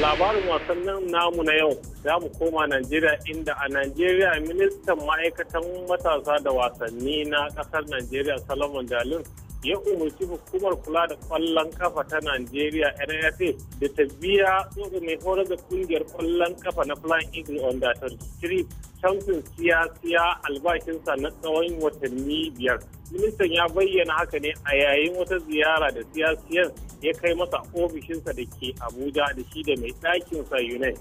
labarin wasannin namu na yau za mu koma Najeriya inda a Najeriya ministan ma'aikatan matasa da wasanni na kasar Najeriya salomon Dalin ya umarci hukumar kula da kwallon kafa ta Najeriya NFA da ta biya tsoro mai horar da kungiyar kwallon kafa na Flying Eagle on 23 Champions siya siyasiya albashinsa na tsawon watanni biyar. Ministan ya bayyana haka ne a yayin wata ziyara da siyasiyar. ya kai masa ofishinsa da ke abuja da shi da mai sa unai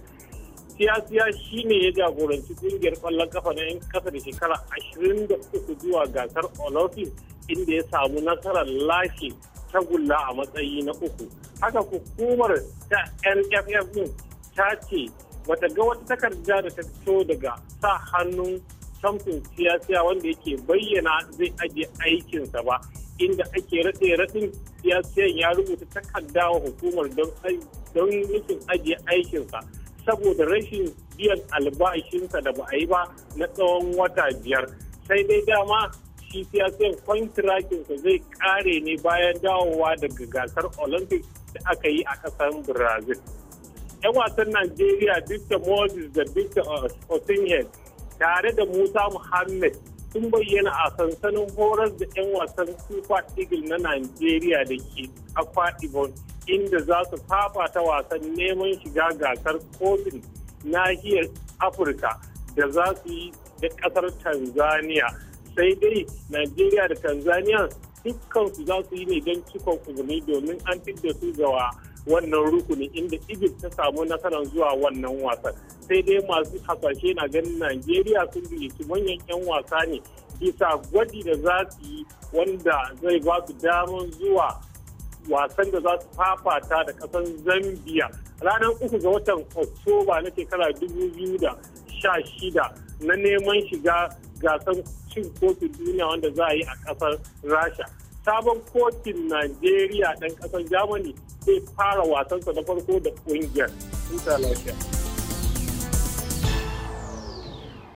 siyasiya shi ne ya jagoranci ƙungiyar kwallon kafa na 'yan kasa da shekara 23 zuwa gasar olympic inda ya samu nasarar lashe tagulla a matsayi na uku haka hukumar ta nff din ta ce bata ga wata takarda da ta fito daga sa hannun samfin siyasiya wanda yake bayyana zai ajiye aikinsa ba inda ake raɗe raɗin ce ya rubuta takarda wa hukumar don nufin ajiye aikinsa saboda rashin biyan albashinsa da ba a yi ba na tsawon wata biyar sai dai dama shi siyasan kwantirakinsa zai kare ne bayan dawowa daga gasar olympic da aka yi a kasar brazil yan wasan nigeria victor moses da victor osimhen tare da musa muhammed sun bayyana a sansanin horar da 'yan wasan Super Eagle na nigeria da ke Akwa ibon inda za su ta wasan neman shiga gasar kofin nahiyar Afirka da za su yi da kasar Tanzania. Sai dai nigeria da Tanzania dukkan su za su yi ne don cikon kuzumi domin an fidda su gawa wannan rukuni inda egypt ta samu nasarar zuwa wannan wasan sai dai masu hasashe na ganin najeriya sun gayyaci manyan 'yan wasa ne bisa gwaji da za su yi wanda zai ba su damar zuwa wasan da za su fafata da kasan zambia ranar uku ga watan oktoba na shekara 2016 na neman shiga gasar cin kofin duniya wanda za a yi a kasar rasha sabon kotun Najeriya ɗan ƙasar jamani zai fara wasansa na farko da ƙungiyar.